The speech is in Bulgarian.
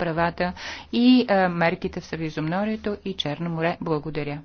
правата и мерките в Средиземноморието и Черно море. Благодаря.